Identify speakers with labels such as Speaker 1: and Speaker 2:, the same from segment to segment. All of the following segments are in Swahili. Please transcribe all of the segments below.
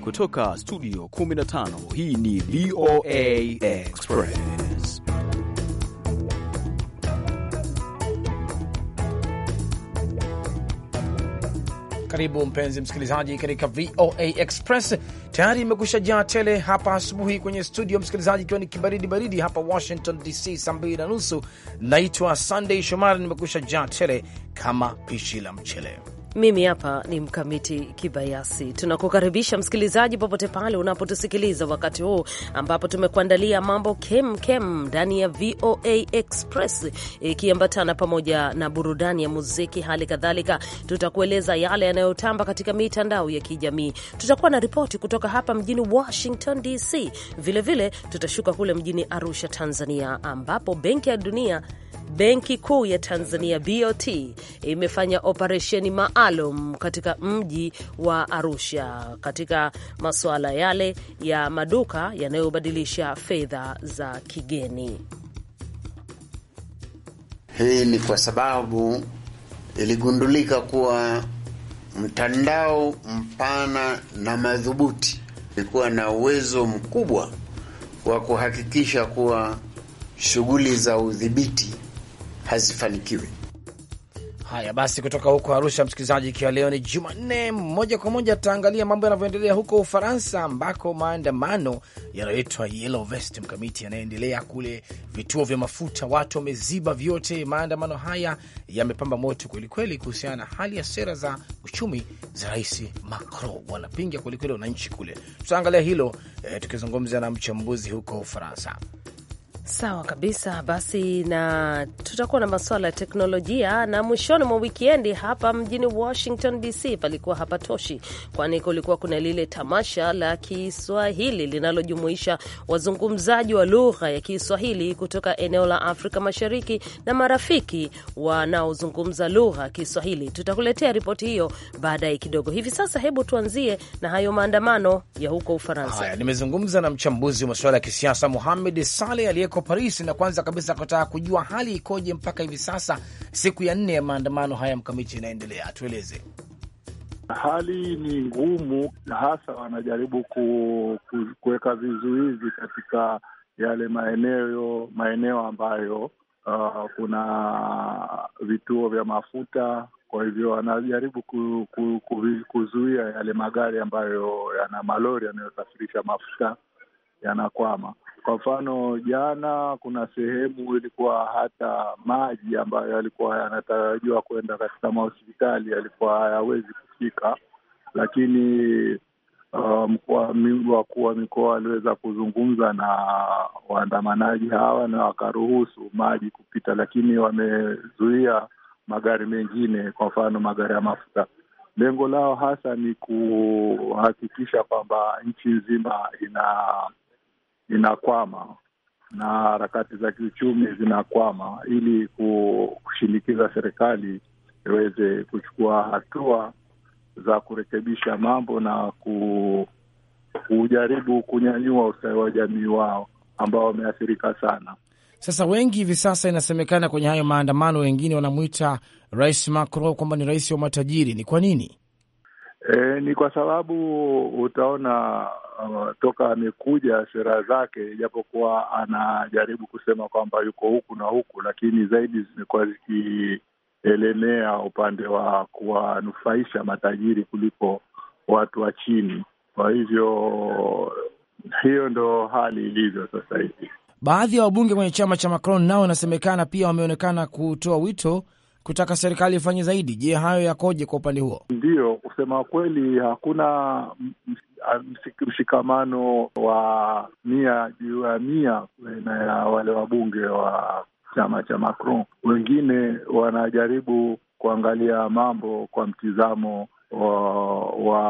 Speaker 1: Kutoka studio 15 hii ni VOA Express.
Speaker 2: Karibu mpenzi msikilizaji katika VOA Express. Tayari imekusha jaa tele hapa asubuhi kwenye studio msikilizaji, ikiwa ni kibaridi baridi hapa Washington DC, saa mbili na nusu. Naitwa Sunday Shomari, nimekusha jaa tele kama pishi la mchele
Speaker 3: mimi hapa ni Mkamiti Kibayasi. Tunakukaribisha msikilizaji, popote pale unapotusikiliza wakati huu ambapo tumekuandalia mambo kem kem ndani ya VOA Express, ikiambatana pamoja na burudani ya muziki. Hali kadhalika, tutakueleza yale yanayotamba katika mitandao ya kijamii. Tutakuwa na ripoti kutoka hapa mjini Washington DC. Vilevile tutashuka kule mjini Arusha, Tanzania, ambapo Benki ya Dunia Benki Kuu ya Tanzania BOT imefanya operesheni maalum katika mji wa Arusha katika masuala yale ya maduka yanayobadilisha fedha za kigeni.
Speaker 4: Hii ni kwa sababu iligundulika kuwa mtandao mpana na madhubuti ilikuwa na uwezo mkubwa wa kuhakikisha kuwa shughuli za udhibiti hazifanikiwi.
Speaker 2: Haya basi, kutoka huko Arusha, msikilizaji, ikiwa leo ni Jumanne, moja kwa moja tutaangalia mambo yanavyoendelea huko Ufaransa, ambako maandamano yanayoitwa Yellow Vest mkamiti yanayoendelea kule. Vituo vya mafuta watu wameziba vyote. Maandamano haya yamepamba moto kwelikweli, kuhusiana na hali ya sera za uchumi za Rais Macron. Wanapinga kwelikweli wananchi kule. Tutaangalia hilo eh, tukizungumza na mchambuzi huko Ufaransa.
Speaker 3: Sawa kabisa basi, na tutakuwa na masuala ya teknolojia na mwishoni mwa wikiendi hapa mjini Washington DC palikuwa hapa toshi kwani kulikuwa kuna lile tamasha la Kiswahili linalojumuisha wazungumzaji wa lugha ya Kiswahili kutoka eneo la Afrika Mashariki na marafiki wanaozungumza lugha ya Kiswahili. Tutakuletea ripoti hiyo baadaye kidogo. Hivi sasa, hebu tuanzie na hayo maandamano ya huko Ufaransa. Haya,
Speaker 2: nimezungumza na mchambuzi wa masuala ya kisiasa Muhamed Saleh aliye yuko Paris, na kwanza kabisa kutaka kujua hali ikoje mpaka hivi sasa, siku ya nne ya maandamano haya mkamiti inaendelea. Tueleze.
Speaker 5: Hali ni ngumu, hasa wanajaribu kuweka vizuizi katika yale maeneo maeneo ambayo uh, kuna vituo vya mafuta. Kwa hivyo wanajaribu ku, ku, ku, kuzuia yale magari ambayo yana malori yanayosafirisha mafuta yanakwama. Kwa mfano jana, kuna sehemu ilikuwa hata maji ambayo yalikuwa yanatarajiwa kwenda katika mahospitali yalikuwa hayawezi kufika, lakini uh, mkuu wakuu wa mikoa aliweza kuzungumza na waandamanaji hawa na wakaruhusu maji kupita, lakini wamezuia magari mengine, kwa mfano magari ya mafuta. Lengo lao hasa ni kuhakikisha kwamba nchi nzima ina inakwama na harakati za kiuchumi zinakwama, ili kushinikiza serikali iweze kuchukua hatua za kurekebisha mambo na ku, kujaribu kunyanyua ustawi wa jamii wao ambao wameathirika sana.
Speaker 2: Sasa wengi hivi sasa inasemekana kwenye hayo maandamano, wengine wanamwita Rais Macron kwamba ni rais wa matajiri. Ni kwa nini?
Speaker 5: E, ni kwa sababu utaona uh, toka amekuja sera zake, ijapokuwa anajaribu kusema kwamba yuko huku na huku, lakini zaidi zimekuwa zikielemea upande wa kuwanufaisha matajiri kuliko watu wa chini. Kwa hivyo hiyo ndo hali ilivyo sasa hivi.
Speaker 2: Baadhi ya wabunge kwenye chama cha Macron nao inasemekana pia wameonekana kutoa wito kutaka serikali ifanye zaidi. Je, hayo yakoje kwa upande huo?
Speaker 5: Ndiyo, kusema kweli hakuna mshikamano wa mia juu ya mia na ya wale wabunge wa chama cha Macron. Wengine wanajaribu kuangalia mambo kwa mtizamo wa, wa,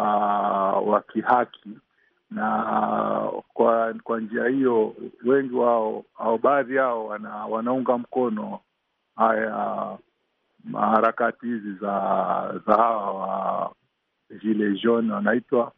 Speaker 5: wa kihaki na kwa kwa njia hiyo wengi wao au baadhi yao wana, wanaunga mkono haya maharakati hizi za za hawa gilets jaunes wanaitwa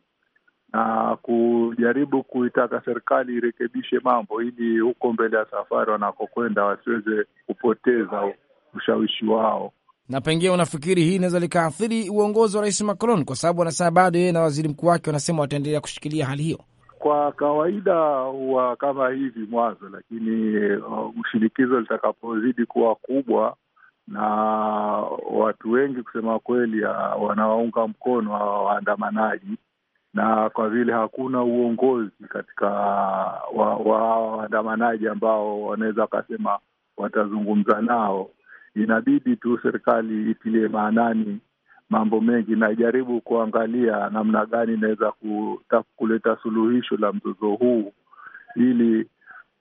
Speaker 5: na kujaribu kuitaka serikali irekebishe mambo ili huko mbele ya safari wanakokwenda wasiweze kupoteza ushawishi wao.
Speaker 2: Na pengine unafikiri hii inaweza likaathiri uongozi wa Rais Macron, kwa sababu wanasema bado yeye na waziri mkuu wake wanasema wataendelea kushikilia hali hiyo.
Speaker 5: Kwa kawaida huwa kama hivi mwanzo, lakini uh, shinikizo litakapozidi kuwa kubwa na watu wengi kusema kweli wanawaunga mkono hawa waandamanaji, na kwa vile hakuna uongozi katika wa hawa waandamanaji ambao wanaweza wakasema watazungumza nao, inabidi tu serikali itilie maanani mambo mengi na ijaribu kuangalia namna gani inaweza kuleta suluhisho la mzozo huu ili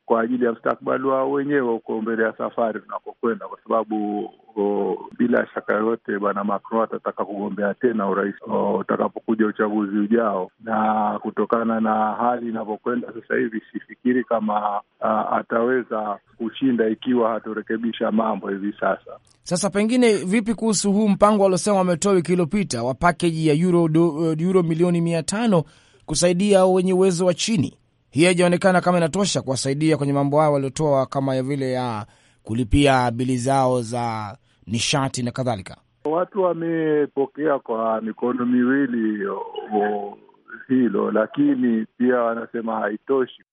Speaker 5: kwa ajili ya mstakbali wao wenyewe huko mbele ya safari tunakokwenda, kwa sababu o, bila shaka yoyote bwana Macron atataka kugombea tena urais utakapokuja uchaguzi ujao, na kutokana na hali inavyokwenda sasa hivi sifikiri kama a, ataweza kushinda ikiwa hatorekebisha mambo hivi sasa. Sasa pengine
Speaker 2: vipi kuhusu huu mpango waliosema wametoa wiki iliyopita wa pakeji ya euro, do, euro milioni mia tano kusaidia wenye uwezo wa chini hii haijaonekana kama inatosha kuwasaidia kwenye mambo hayo waliotoa, kama vile ya kulipia bili zao za nishati na kadhalika.
Speaker 5: Watu wamepokea kwa mikono miwili hilo, lakini pia wanasema haitoshi.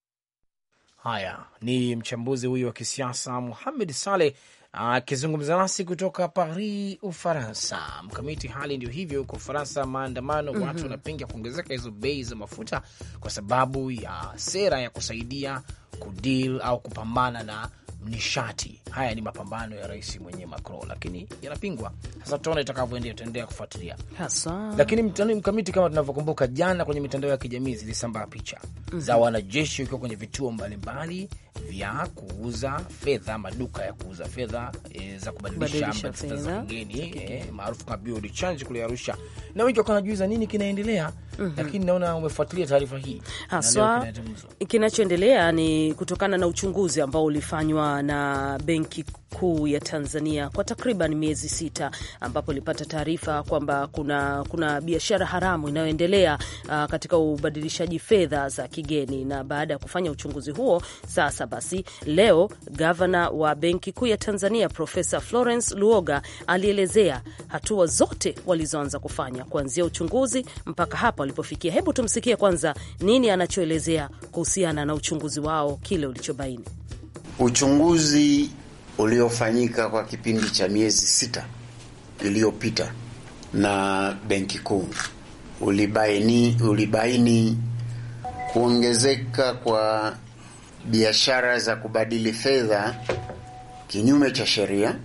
Speaker 2: Haya, ni mchambuzi huyu wa kisiasa Muhamed Saleh akizungumza nasi kutoka
Speaker 3: Paris,
Speaker 2: Ufaransa. Mkamiti, hali ndio hivyo huko Ufaransa, maandamano mm -hmm. Watu mhm. wanapinga kuongezeka hizo bei za mafuta kwa sababu ya sera ya kusaidia kudil au kupambana na nishati. Haya ni mapambano ya rais mwenye Macron, lakini yanapingwa. Sasa tutaona itakavyoendea, tutaendelea kufuatilia Lakini mtani mkamiti, kama tunavyokumbuka, jana kwenye mitandao ya kijamii zilisambaa picha mm -hmm. za wanajeshi wakiwa kwenye vituo mbalimbali vya kuuza fedha, maduka ya kuuza fedha e, za kubadilisha fedha za kigeni e, maarufu kama bureau de change kule Arusha, na wengi wakawa wanajiuliza nini kinaendelea. Mm -hmm. Lakini
Speaker 3: naona umefuatilia taarifa hii haswa. Kinachoendelea ni kutokana na uchunguzi ambao ulifanywa na Benki Kuu ya Tanzania kwa takriban miezi sita, ambapo ilipata taarifa kwamba kuna, kuna biashara haramu inayoendelea uh, katika ubadilishaji fedha za kigeni. Na baada ya kufanya uchunguzi huo, sasa basi leo gavana wa Benki Kuu ya Tanzania Profesa Florence Luoga alielezea hatua zote walizoanza kufanya kuanzia uchunguzi mpaka hapa walipofikia. Hebu tumsikie kwanza nini anachoelezea kuhusiana na uchunguzi wao, kile ulichobaini.
Speaker 4: Uchunguzi uliofanyika kwa kipindi cha miezi sita iliyopita na Benki Kuu ulibaini, ulibaini kuongezeka kwa biashara za kubadili fedha kinyume cha sheria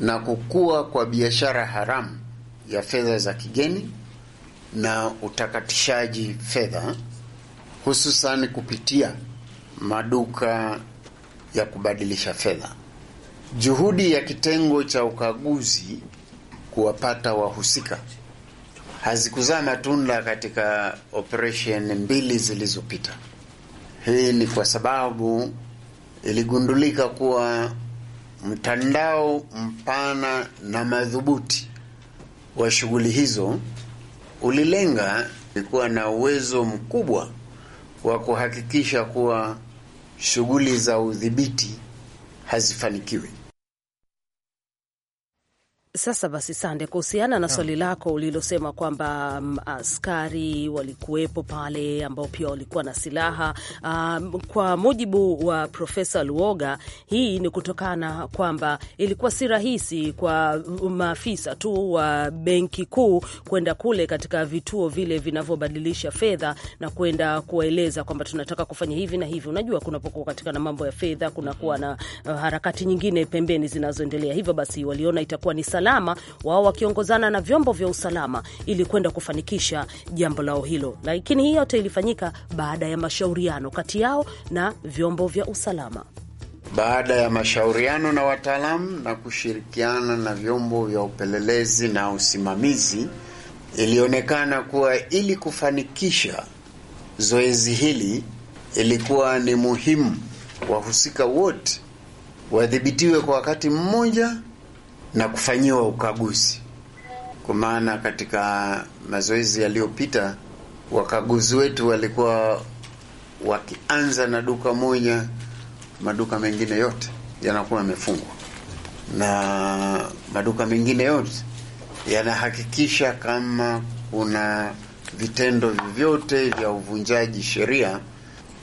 Speaker 4: na kukua kwa biashara haramu ya fedha za kigeni na utakatishaji fedha hususan kupitia maduka ya kubadilisha fedha. Juhudi ya kitengo cha ukaguzi kuwapata wahusika hazikuzaa matunda katika operesheni mbili zilizopita. Hii ni kwa sababu iligundulika kuwa mtandao mpana na madhubuti wa shughuli hizo ulilenga kuwa na uwezo mkubwa wa kuhakikisha kuwa shughuli za udhibiti hazifanikiwi.
Speaker 3: Sasa basi, Sande, kuhusiana na swali lako ulilosema kwamba mm, askari walikuwepo pale ambao pia walikuwa na silaha um, kwa mujibu wa Profesa Luoga, hii ni kutokana kwamba ilikuwa si rahisi kwa maafisa tu wa benki kuu kwenda kule katika vituo vile vinavyobadilisha fedha na kwenda kuwaeleza kwamba tunataka kufanya hivi na hivi. Unajua, kunapokuwa katika na mambo ya fedha kunakuwa na uh, harakati nyingine pembeni zinazoendelea, hivyo basi waliona itakuwa ni salama usalama, wao wakiongozana na vyombo vya usalama ili kwenda kufanikisha jambo lao hilo, lakini hii yote ilifanyika baada ya mashauriano kati yao na vyombo vya usalama.
Speaker 4: Baada ya mashauriano na wataalamu na kushirikiana na vyombo vya upelelezi na usimamizi, ilionekana kuwa ili kufanikisha zoezi hili ilikuwa ni muhimu wahusika wote wadhibitiwe kwa wakati mmoja na kufanyiwa ukaguzi, kwa maana katika mazoezi yaliyopita wakaguzi wetu walikuwa wakianza na duka moja, maduka mengine yote yanakuwa yamefungwa, na maduka mengine yote yanahakikisha kama kuna vitendo vyovyote vya uvunjaji sheria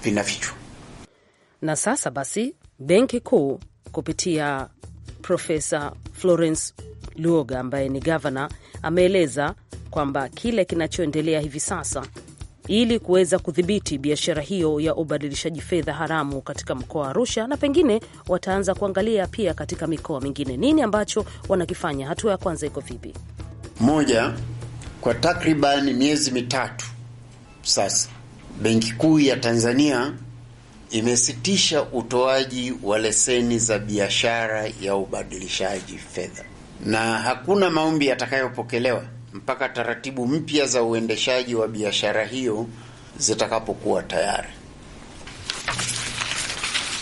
Speaker 4: vinafichwa.
Speaker 3: Na sasa basi, Benki Kuu kupitia Profesa Florence Luoga ambaye ni gavana ameeleza kwamba kile kinachoendelea hivi sasa ili kuweza kudhibiti biashara hiyo ya ubadilishaji fedha haramu katika mkoa wa Arusha, na pengine wataanza kuangalia pia katika mikoa mingine. Nini ambacho wanakifanya? Hatua ya kwanza iko vipi?
Speaker 4: Moja, kwa takribani miezi mitatu sasa, Benki Kuu ya Tanzania imesitisha utoaji wa leseni za biashara ya ubadilishaji fedha, na hakuna maombi yatakayopokelewa mpaka taratibu mpya za uendeshaji wa biashara hiyo zitakapokuwa tayari.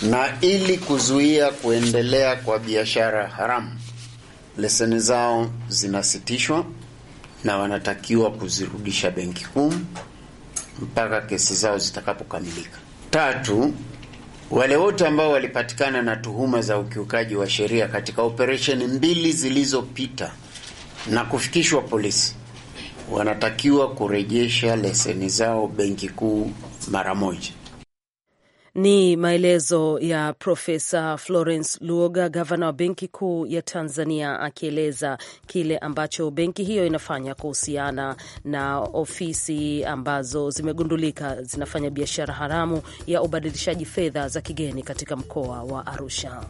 Speaker 4: Na ili kuzuia kuendelea kwa biashara haramu, leseni zao zinasitishwa na wanatakiwa kuzirudisha Benki Kuu mpaka kesi zao zitakapokamilika. Tatu, wale wote ambao walipatikana na tuhuma za ukiukaji wa sheria katika operesheni mbili zilizopita na kufikishwa polisi wanatakiwa kurejesha leseni zao Benki Kuu mara moja.
Speaker 3: Ni maelezo ya Profesa Florence Luoga, gavana wa Benki Kuu ya Tanzania, akieleza kile ambacho benki hiyo inafanya kuhusiana na ofisi ambazo zimegundulika zinafanya biashara haramu ya ubadilishaji fedha za kigeni katika mkoa wa Arusha.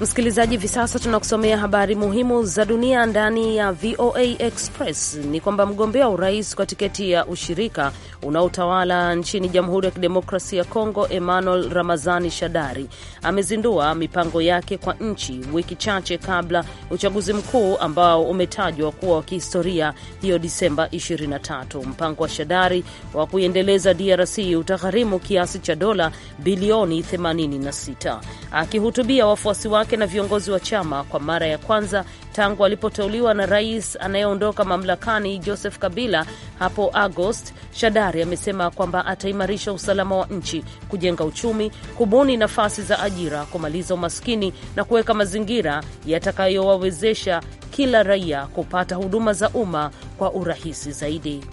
Speaker 3: Msikilizaji, hivi sasa tunakusomea habari muhimu za dunia ndani ya VOA Express. Ni kwamba mgombea wa urais kwa tiketi ya ushirika unaotawala nchini Jamhuri ya Kidemokrasia ya Kongo, Emmanuel Ramazani Shadari amezindua mipango yake kwa nchi wiki chache kabla uchaguzi mkuu ambao umetajwa kuwa wa kihistoria hiyo Disemba 23. Mpango wa Shadari wa kuiendeleza DRC utagharimu kiasi cha dola bilioni 86. Akihutubia wafuasi wake wake na viongozi wa chama kwa mara ya kwanza tangu alipoteuliwa na rais anayeondoka mamlakani Joseph Kabila hapo Agost. Shadari amesema kwamba ataimarisha usalama wa nchi, kujenga uchumi, kubuni nafasi za ajira, kumaliza umaskini na kuweka mazingira yatakayowawezesha kila raia kupata huduma za umma kwa urahisi zaidi.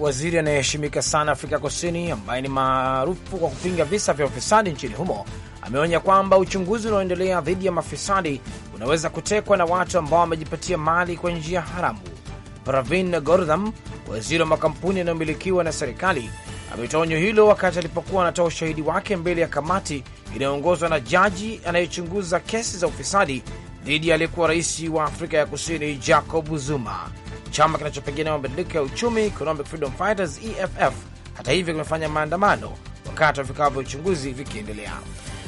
Speaker 3: Waziri anayeheshimika sana Afrika Kusini ambaye ni maarufu kwa kupinga visa vya
Speaker 2: ufisadi nchini humo ameonya kwamba uchunguzi unaoendelea dhidi ya mafisadi unaweza kutekwa na watu ambao wamejipatia mali kwa njia haramu. Pravin Gordhan, waziri wa makampuni yanayomilikiwa na serikali, ametoa onyo hilo wakati alipokuwa anatoa ushahidi wake mbele ya kamati inayoongozwa na jaji anayechunguza kesi za ufisadi dhidi ya aliyekuwa rais wa Afrika ya Kusini Jacob Zuma. Chama kinachopigania mabadiliko ya uchumi Economic Freedom Fighters, EFF, hata hivyo kimefanya maandamano wakati wa vikao vya uchunguzi vikiendelea.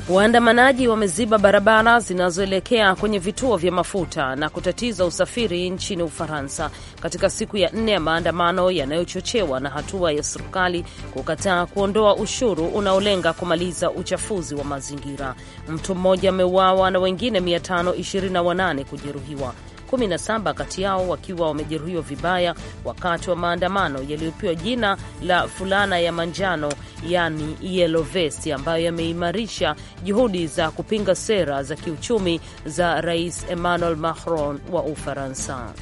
Speaker 3: Waandamanaji wameziba barabara zinazoelekea kwenye vituo vya mafuta na kutatiza usafiri nchini Ufaransa katika siku ya nne ya maandamano yanayochochewa na hatua ya serikali kukataa kuondoa ushuru unaolenga kumaliza uchafuzi wa mazingira. Mtu mmoja ameuawa na wengine 528 kujeruhiwa 17 kati yao wakiwa wamejeruhiwa vibaya wakati wa maandamano yaliyopewa jina la fulana ya manjano, yani yellow vest, ambayo yameimarisha juhudi za kupinga sera za kiuchumi za Rais Emmanuel Macron wa Ufaransa.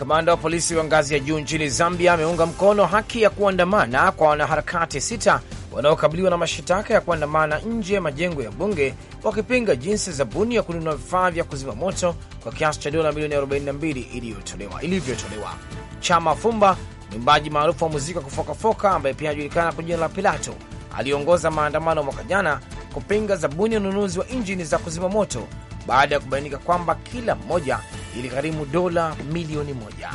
Speaker 2: Kamanda wa polisi wa ngazi ya juu nchini Zambia ameunga mkono haki ya kuandamana kwa wanaharakati sita wanaokabiliwa na mashitaka ya kuandamana nje ya majengo ya bunge wakipinga jinsi zabuni ya kununua vifaa vya kuzima moto kwa kiasi cha dola milioni 42 ilivyotolewa. Chama Fumba, mwimbaji maarufu wa muziki wa kufokafoka ambaye pia anajulikana kwa jina la Pilato, aliongoza maandamano mwaka jana kupinga zabuni ya ununuzi wa injini za kuzima moto baada ya kubainika kwamba kila mmoja iligharimu dola milioni moja.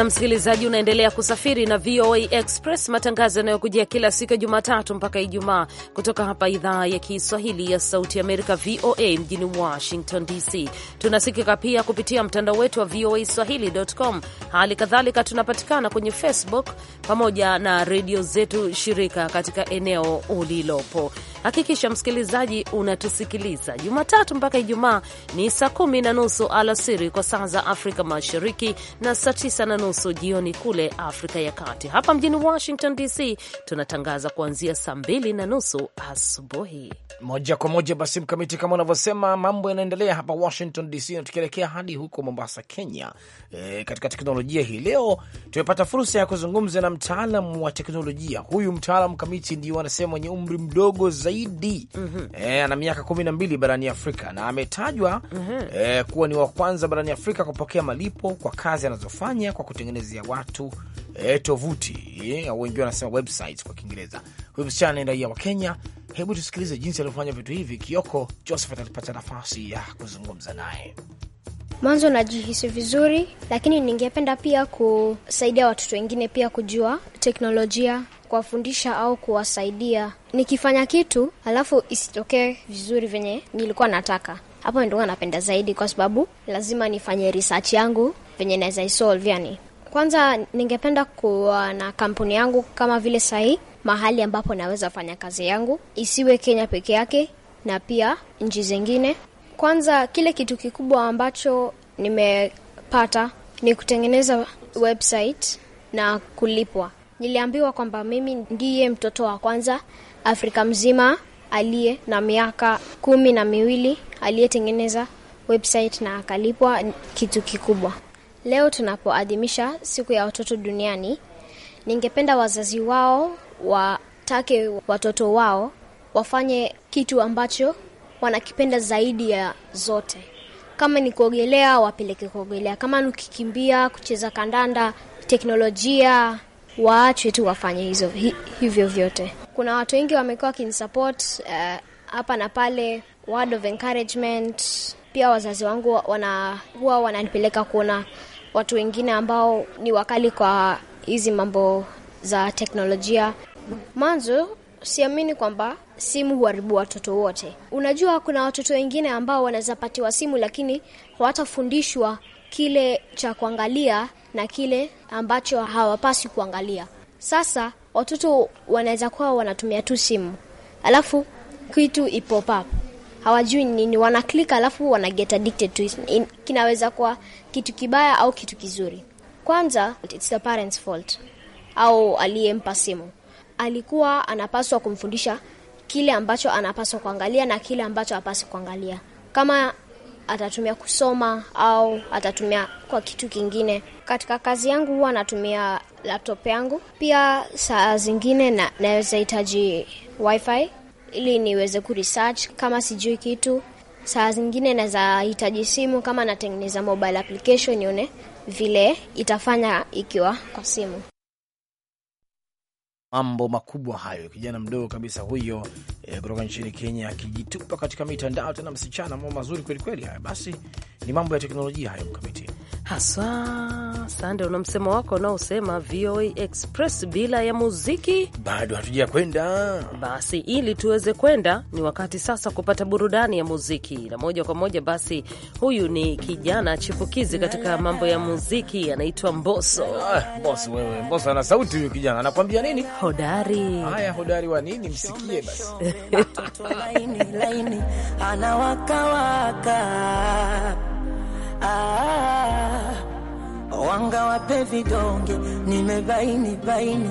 Speaker 3: na msikilizaji, unaendelea kusafiri na VOA Express, matangazo yanayokujia kila siku ya Jumatatu mpaka Ijumaa kutoka hapa idhaa ya Kiswahili ya Sauti Amerika, VOA mjini Washington DC. Tunasikika pia kupitia mtandao wetu wa VOA Swahili.com. Hali kadhalika tunapatikana kwenye Facebook pamoja na redio zetu shirika katika eneo ulilopo. Hakikisha msikilizaji unatusikiliza Jumatatu mpaka Ijumaa ni saa kumi na nusu alasiri kwa saa za Afrika Mashariki na saa tisa na nusu jioni kule Afrika ya Kati. Hapa mjini Washington DC tunatangaza kuanzia saa mbili na nusu asubuhi
Speaker 2: moja kwa moja. Basi Mkamiti, kama unavyosema, mambo yanaendelea hapa Washington DC na tukielekea hadi huko Mombasa, Kenya. E, katika teknolojia hii leo tumepata fursa ya kuzungumza na mtaalam wa teknolojia. Huyu mtaalam Kamiti ndio anasema mwenye umri mdogo zaidi zaidi mm -hmm. E, ana miaka kumi na mbili barani Afrika na ametajwa mm -hmm. e, kuwa ni wa kwanza barani Afrika kupokea malipo kwa kazi anazofanya kwa kutengenezea watu e, tovuti e, wengi wanasema websites kwa Kiingereza. Huyu msichana ni raia wa Kenya. Hebu tusikilize jinsi alivyofanya vitu hivi. Kioko Josephat alipata nafasi ya kuzungumza naye.
Speaker 6: Mwanzo najihisi vizuri, lakini ningependa pia kusaidia watoto wengine pia kujua teknolojia kuwafundisha au kuwasaidia. Nikifanya kitu alafu isitokee vizuri venye nilikuwa nataka, hapo ndio napenda zaidi, kwa sababu lazima nifanye research yangu venye naweza isolve. Yani kwanza ningependa kuwa na kampuni yangu kama vile sahii, mahali ambapo naweza fanya kazi yangu, isiwe Kenya peke yake na pia nchi zingine. Kwanza kile kitu kikubwa ambacho nimepata ni kutengeneza website na kulipwa Niliambiwa kwamba mimi ndiye mtoto wa kwanza Afrika mzima aliye na miaka kumi na miwili aliyetengeneza website na akalipwa kitu kikubwa. Leo tunapoadhimisha siku ya watoto duniani, ningependa wazazi wao watake watoto wao wafanye kitu ambacho wanakipenda zaidi ya zote. Kama ni kuogelea, wapeleke kuogelea. Kama ni kukimbia, kucheza kandanda, teknolojia waachwe tu wafanye hizo hivyo vyote. Kuna watu wengi wamekuwa wakinisupport eh, hapa uh, na pale, word of encouragement. Pia wazazi wangu wana, huwa wananipeleka kuona watu wengine ambao ni wakali kwa hizi mambo za teknolojia. Mwanzo siamini kwamba simu huharibu watoto wote. Unajua, kuna watoto wengine ambao wanaweza patiwa simu, lakini hawatafundishwa kile cha kuangalia na kile ambacho hawapaswi kuangalia. Sasa watoto wanaweza kuwa wanatumia tu simu, alafu kitu ipop up hawajui nini, wanaklik alafu wana get addicted to it. Kinaweza kuwa kitu kibaya au kitu kizuri. Kwanza, it's the parents fault au aliyempa simu alikuwa anapaswa kumfundisha kile ambacho anapaswa kuangalia na kile ambacho hapaswi kuangalia. Kama atatumia kusoma au atatumia kwa kitu kingine. Katika kazi yangu huwa natumia laptop yangu, pia saa zingine na, naweza hitaji wifi ili niweze kuresearch kama sijui kitu. Saa zingine naweza hitaji simu kama natengeneza mobile application, nione vile itafanya ikiwa kwa simu.
Speaker 2: Mambo makubwa hayo, kijana mdogo kabisa huyo e, kutoka nchini Kenya akijitupa katika mitandao tena, msichana, mambo mazuri
Speaker 3: kwelikweli. Haya basi, ni mambo ya teknolojia hayo, mkamiti haswa. Sande, una msemo wako unaosema VOA Express bila ya muziki
Speaker 2: bado hatuja
Speaker 3: kwenda. Basi ili tuweze kwenda, ni wakati sasa kupata burudani ya muziki, na moja kwa moja basi, huyu ni kijana chipukizi katika mambo ya muziki, anaitwa Mboso.
Speaker 2: Ah, Mboso wewe, Mboso ana sauti huyu kijana, anakuambia nini? Hodari. Haya, hodari wa nini? Msikie basi
Speaker 3: mtoto
Speaker 7: laini laini anawakawaka ah, wanga wape vidonge nimebaini baini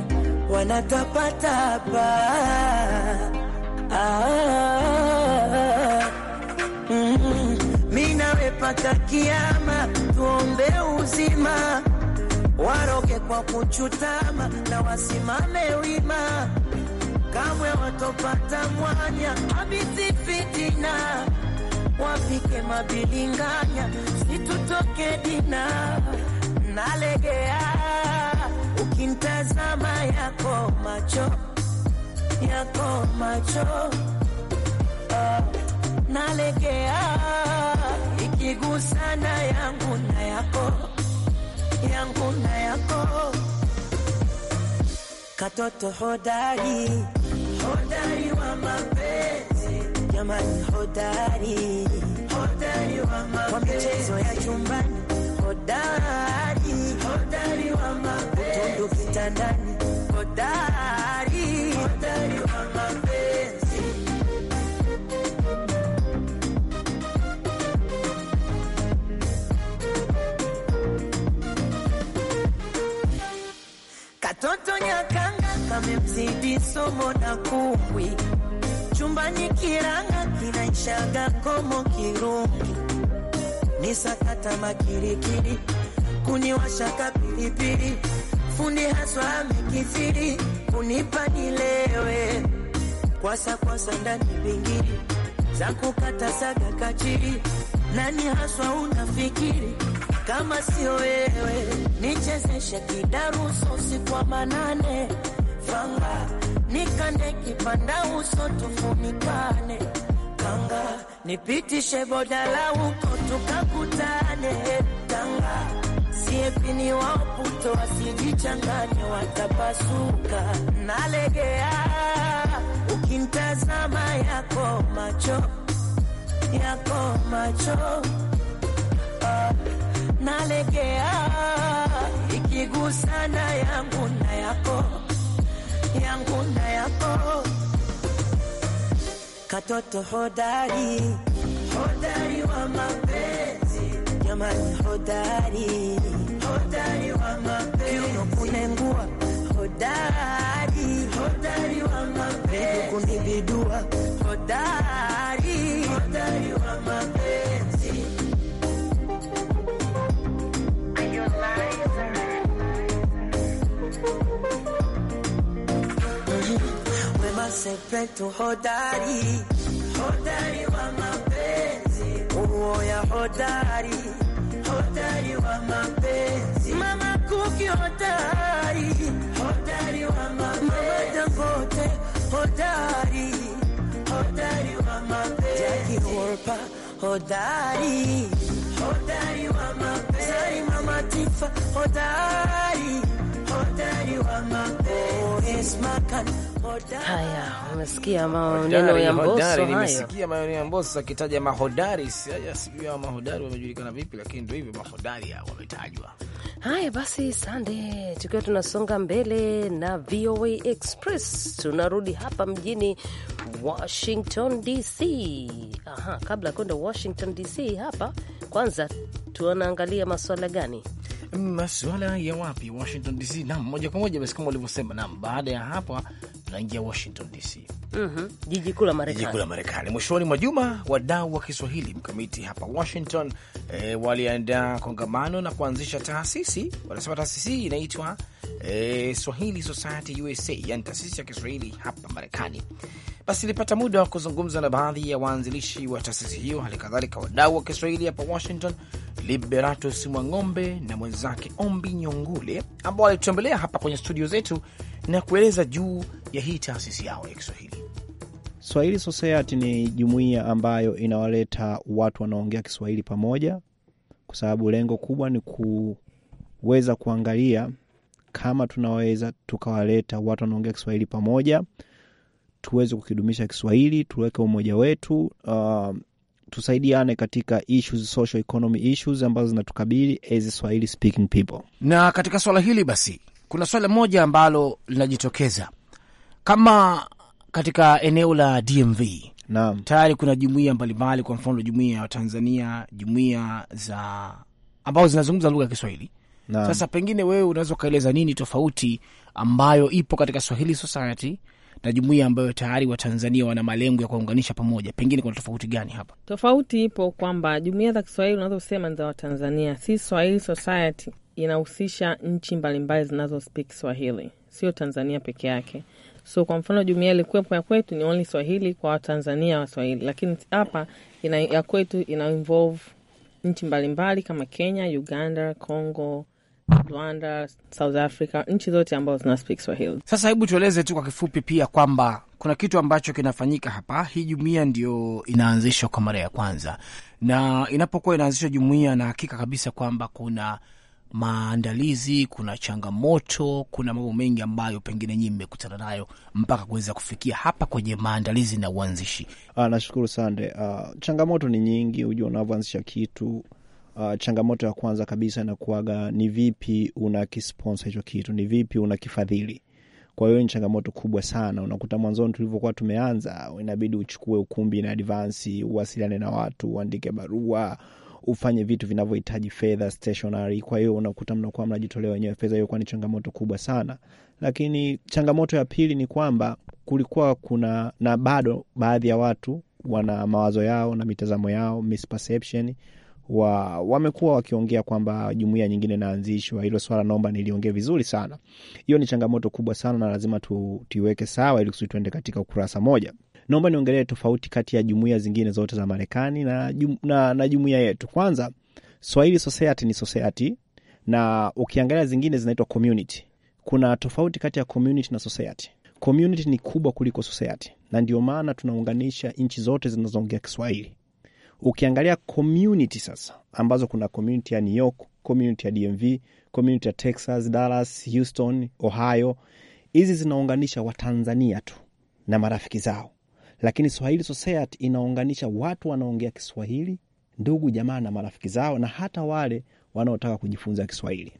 Speaker 7: wanatapatapa ah, mm, kiama tuombe uzima waroke kwa kuchutama na wasimame wima kamwe watopata mwanya, abiti fitina wapike mabilinganya, situtoke dina nalegea, ukintazama yako macho yako macho uh, nalegea, ikigusana yangu na yako yangu na yako katoto hodari hodari wa mapenzi jamani, hodari hodari wa mapenzi kwa michezo ya chumbani, hodari hodari wa mapenzi utundu kitandani, hodari hodari wa mapenzi mzidi somo na kumbwi chumbani, kiranga kinaishaga komo kirungi, ni sakata makirikiri kuniwashaka pilipili, fundi haswa amekithiri kunipa nilewe kwasa kwasa ndani vingiri za kukata saga kachiri, nani haswa unafikiri kama sio wewe? Nichezeshe kidaruso sosi kwa manane panga, nikande kipanda uso tufunikane, panga, nipitishe la uko tukakutane, panga, siepini waputo wasijichanganye watapasuka, nalegea ukintazama yako macho yako macho ah, nalegea ikigusana yangu na yako yangu na yako, katoto hodari, hodari wa mapenzi jamani, hodari, hodari wa mapenzi unokunengua, hodari, hodari wa mapenzi kunibidua, hodari petu hodari, hodari wa mapenzi, uoya hodari, hodari wa mapenzi, mama Kuki hodari, hodari wa mapenzi, mama Dangote hodari, hodari wa mapenzi, Jackie Holper hodari, hodari wa mapenzi, Mama Tifa hodari Haya,
Speaker 3: umesikia maneno ya Mbosso Nimesikia
Speaker 2: maneno ya Mbosso akitaja mahodari. sijui hawa mahodari wamejulikana vipi, lakini ndio hivyo mahodari wametajwa.
Speaker 3: Haya basi, sande, tukiwa tunasonga mbele na VOA Express, tunarudi hapa mjini Washington DC. Aha, kabla ya kwenda Washington DC, hapa kwanza tunaangalia masuala gani?
Speaker 2: masuala ya wapi Washington DC. Naam, moja kwa moja basi, kama ulivyosema. Naam, baada ya hapa tunaingia Washington DC, mhm. jiji kuu la Marekani. Mwishoni mwa juma, wadau wa Kiswahili mkamiti hapa Washington e, waliandaa kongamano na kuanzisha taasisi. Wanasema taasisi hii inaitwa e, Swahili Society USA, yani taasisi ya Kiswahili hapa Marekani. Basi ilipata muda wa kuzungumza na baadhi ya waanzilishi wa taasisi hiyo, hali kadhalika wadau wa Kiswahili hapa Washington, Liberatus Mwang'ombe na mwenzake Ombi Nyongule, ambao walitutembelea hapa kwenye studio zetu na kueleza juu ya hii taasisi yao ya Kiswahili.
Speaker 1: Swahili Society ni jumuiya ambayo inawaleta watu wanaoongea Kiswahili pamoja, kwa sababu lengo kubwa ni kuweza kuangalia kama tunaweza tukawaleta watu wanaongea Kiswahili pamoja, tuweze kukidumisha Kiswahili, tuweke umoja wetu, uh, tusaidiane katika issues, social economy issues ambazo zinatukabili as Swahili speaking people.
Speaker 2: Na katika swala hili basi kuna swala moja ambalo linajitokeza kama katika eneo la DMV tayari kuna jumuia mbalimbali, kwa mfano jumuia ya Watanzania, jumuia za ambazo zinazungumza lugha ya Kiswahili. Sasa pengine wewe unaweza ukaeleza nini tofauti ambayo ipo katika Swahili Society na jumuia ambayo tayari Watanzania wana malengo ya kuwaunganisha pamoja, pengine kuna tofauti gani hapa?
Speaker 3: Tofauti ipo kwamba jumuia za Kiswahili unazosema ni za Watanzania, si Swahili Society inahusisha nchi mbalimbali zinazospik Swahili, sio Tanzania peke yake. So kwa mfano jumuia ilikuwepo ya kwetu ni only Swahili kwa Watanzania wa Swahili, lakini hapa ina, ya kwetu ina involve nchi mbalimbali kama Kenya, Uganda, Congo, Rwanda, South Africa, nchi zote ambazo zina speak Swahili.
Speaker 2: Sasa hebu tueleze tu kwa kifupi pia kwamba kuna kitu ambacho kinafanyika hapa. Hii jumuia ndio inaanzishwa kwa mara ya kwanza, na inapokuwa inaanzishwa jumuia, na hakika kabisa kwamba kuna maandalizi, kuna changamoto, kuna mambo mengi ambayo pengine nyinyi mmekutana nayo mpaka kuweza kufikia hapa kwenye maandalizi na uanzishi?
Speaker 1: Ah, nashukuru Sande. Uh, changamoto ni nyingi, hujua unavyoanzisha kitu Uh, changamoto ya kwanza kabisa inakuaga ni vipi una kisponsa hicho kitu, ni vipi una kifadhili. Kwa hiyo ni changamoto kubwa sana. Unakuta mwanzoni tulivyokuwa tumeanza, inabidi uchukue ukumbi na advansi, uwasiliane na watu, uandike barua ufanye vitu vinavyohitaji fedha stationary. Kwa hiyo unakuta mnakuwa mnajitolea wenyewe fedha hiyo, ni changamoto kubwa sana. Lakini changamoto ya pili ni kwamba kulikuwa kuna na bado baadhi ya watu wana mawazo yao na mitazamo yao misperception wa wamekuwa wakiongea kwamba jumuiya nyingine inaanzishwa. Hilo swala naomba niliongee vizuri sana. Hiyo ni changamoto kubwa sana, na lazima tu, tuiweke sawa ili kusudi tuende katika ukurasa moja naomba niongelee tofauti kati ya jumuia zingine zote za Marekani na, jum, na, na jumuia yetu. Kwanza, Swahili society ni society, na ukiangalia zingine zinaitwa community. Kuna tofauti kati ya community na society. Community ni kubwa kuliko society, na ndio maana tunaunganisha nchi zote zinazoongea Kiswahili. Ukiangalia community sasa, ambazo kuna community ya New York, community ya DMV, community ya Texas, Dallas, Houston, Ohio, hizi zinaunganisha Watanzania tu na marafiki zao lakini Swahili Society inaunganisha watu wanaongea Kiswahili, ndugu jamaa na marafiki zao, na hata wale wanaotaka kujifunza Kiswahili.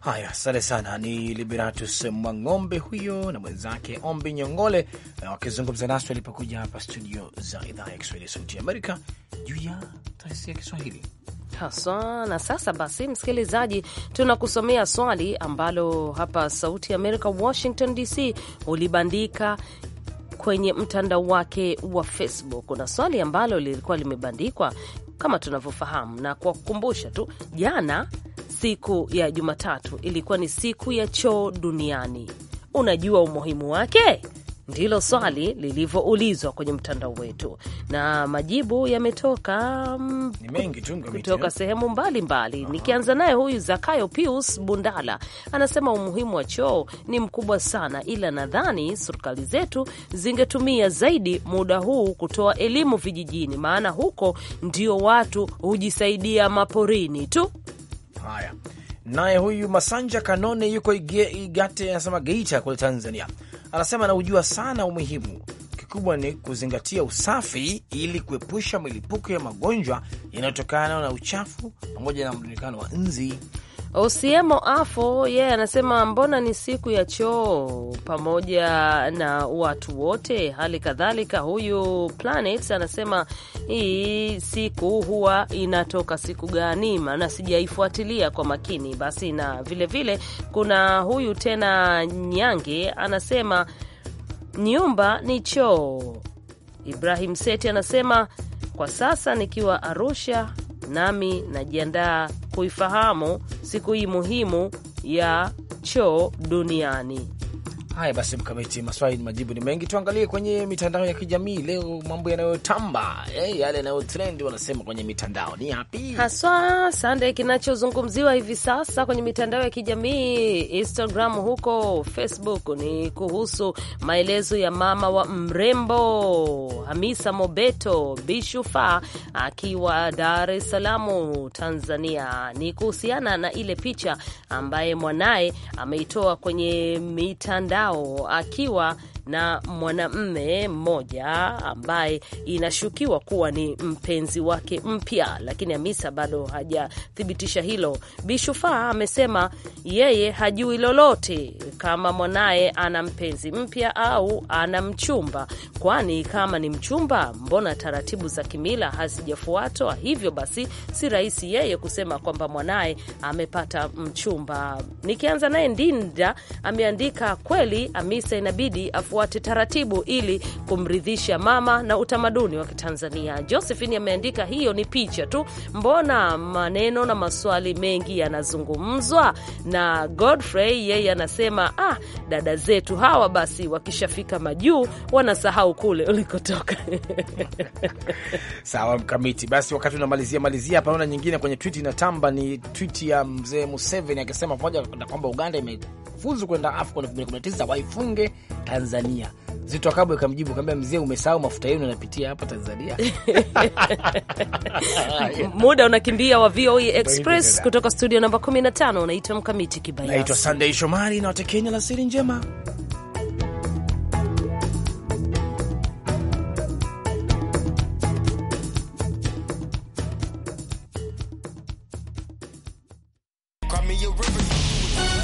Speaker 1: Haya,
Speaker 2: asante sana. Ni Liberatus Mwang'ombe huyo na mwenzake Ombi Nyongole eh, wakizungumza nasi walipokuja hapa studio za idhaa ya Kiswahili ya Sauti ya Amerika juu ya
Speaker 3: taasisi ya Kiswahili haswa. Na sasa basi, msikilizaji, tunakusomea swali ambalo hapa Sauti ya Amerika Washington DC ulibandika kwenye mtandao wake wa Facebook. Kuna swali ambalo lilikuwa limebandikwa kama tunavyofahamu, na kwa kukumbusha tu, jana siku ya Jumatatu ilikuwa ni siku ya choo duniani. Unajua umuhimu wake? Ndilo swali lilivyoulizwa kwenye mtandao wetu, na majibu yametoka mm, kutoka eh. sehemu mbalimbali mbali. Nikianza naye huyu Zakayo Pius Bundala anasema umuhimu wa choo ni mkubwa sana, ila nadhani serikali zetu zingetumia zaidi muda huu kutoa elimu vijijini, maana huko ndio watu hujisaidia maporini tu.
Speaker 2: Haya, naye
Speaker 3: huyu Masanja
Speaker 2: Kanone yuko Igate anasema Geita kule Tanzania anasema anaujua sana umuhimu. Kikubwa ni kuzingatia usafi ili kuepusha milipuko ya magonjwa yanayotokana na uchafu pamoja na mrundikano wa nzi.
Speaker 3: Osiemo Afo yeye yeah, anasema mbona ni siku ya choo pamoja na watu wote. Hali kadhalika huyu Planet anasema hii siku huwa inatoka siku gani? Maana sijaifuatilia kwa makini. Basi na vilevile vile, kuna huyu tena Nyange anasema nyumba ni choo. Ibrahim Seti anasema kwa sasa nikiwa Arusha nami najiandaa kuifahamu siku hii muhimu ya choo duniani. Haya basi, mkamiti, maswali majibu ni mengi, tuangalie
Speaker 2: kwenye mitandao ya kijamii leo, mambo yanayotamba eh, yale yanayotrend wanasema kwenye mitandao ni yapi
Speaker 3: haswa, Sunday? Kinachozungumziwa hivi sasa kwenye mitandao ya kijamii Instagram, huko Facebook, ni kuhusu maelezo ya mama wa mrembo Hamisa Mobeto Bishufa akiwa Dar es Salaam, Tanzania. Ni kuhusiana na ile picha ambaye mwanaye ameitoa kwenye mitandao Kamau akiwa na mwanamme mmoja ambaye inashukiwa kuwa ni mpenzi wake mpya, lakini Hamisa bado hajathibitisha hilo. Bishufaa amesema yeye hajui lolote kama mwanaye ana mpenzi mpya au ana mchumba, kwani kama ni mchumba, mbona taratibu za kimila hazijafuatwa? Hivyo basi si rahisi yeye kusema kwamba mwanaye amepata mchumba. Nikianza naye, Ndinda ameandika kweli, Hamisa inabidi afu afuate taratibu ili kumridhisha mama na utamaduni wa Kitanzania. Josephine ameandika hiyo ni picha tu, mbona maneno na maswali mengi yanazungumzwa? Na Godfrey yeye anasema ah, dada zetu hawa basi wakishafika majuu wanasahau kule ulikotoka.
Speaker 2: Sawa mkamiti, basi wakati unamalizia malizia hapa, naona nyingine kwenye twiti inatamba ni twiti ya mzee Museveni akisema pamoja na kwamba Uganda imefuzu kwenda AFCON 2019 waifunge Tanzania. Tanzania. Zito Kabwe
Speaker 3: kamjibu kaambia, mzee, umesahau mafuta yenu yanapitia hapa Tanzania. Muda unakimbia wa VOA e Express kutoka studio namba 15. Unaitwa Mkamiti Kibayasi, naitwa
Speaker 2: Sunday Shomari na watekenya, la siri njema.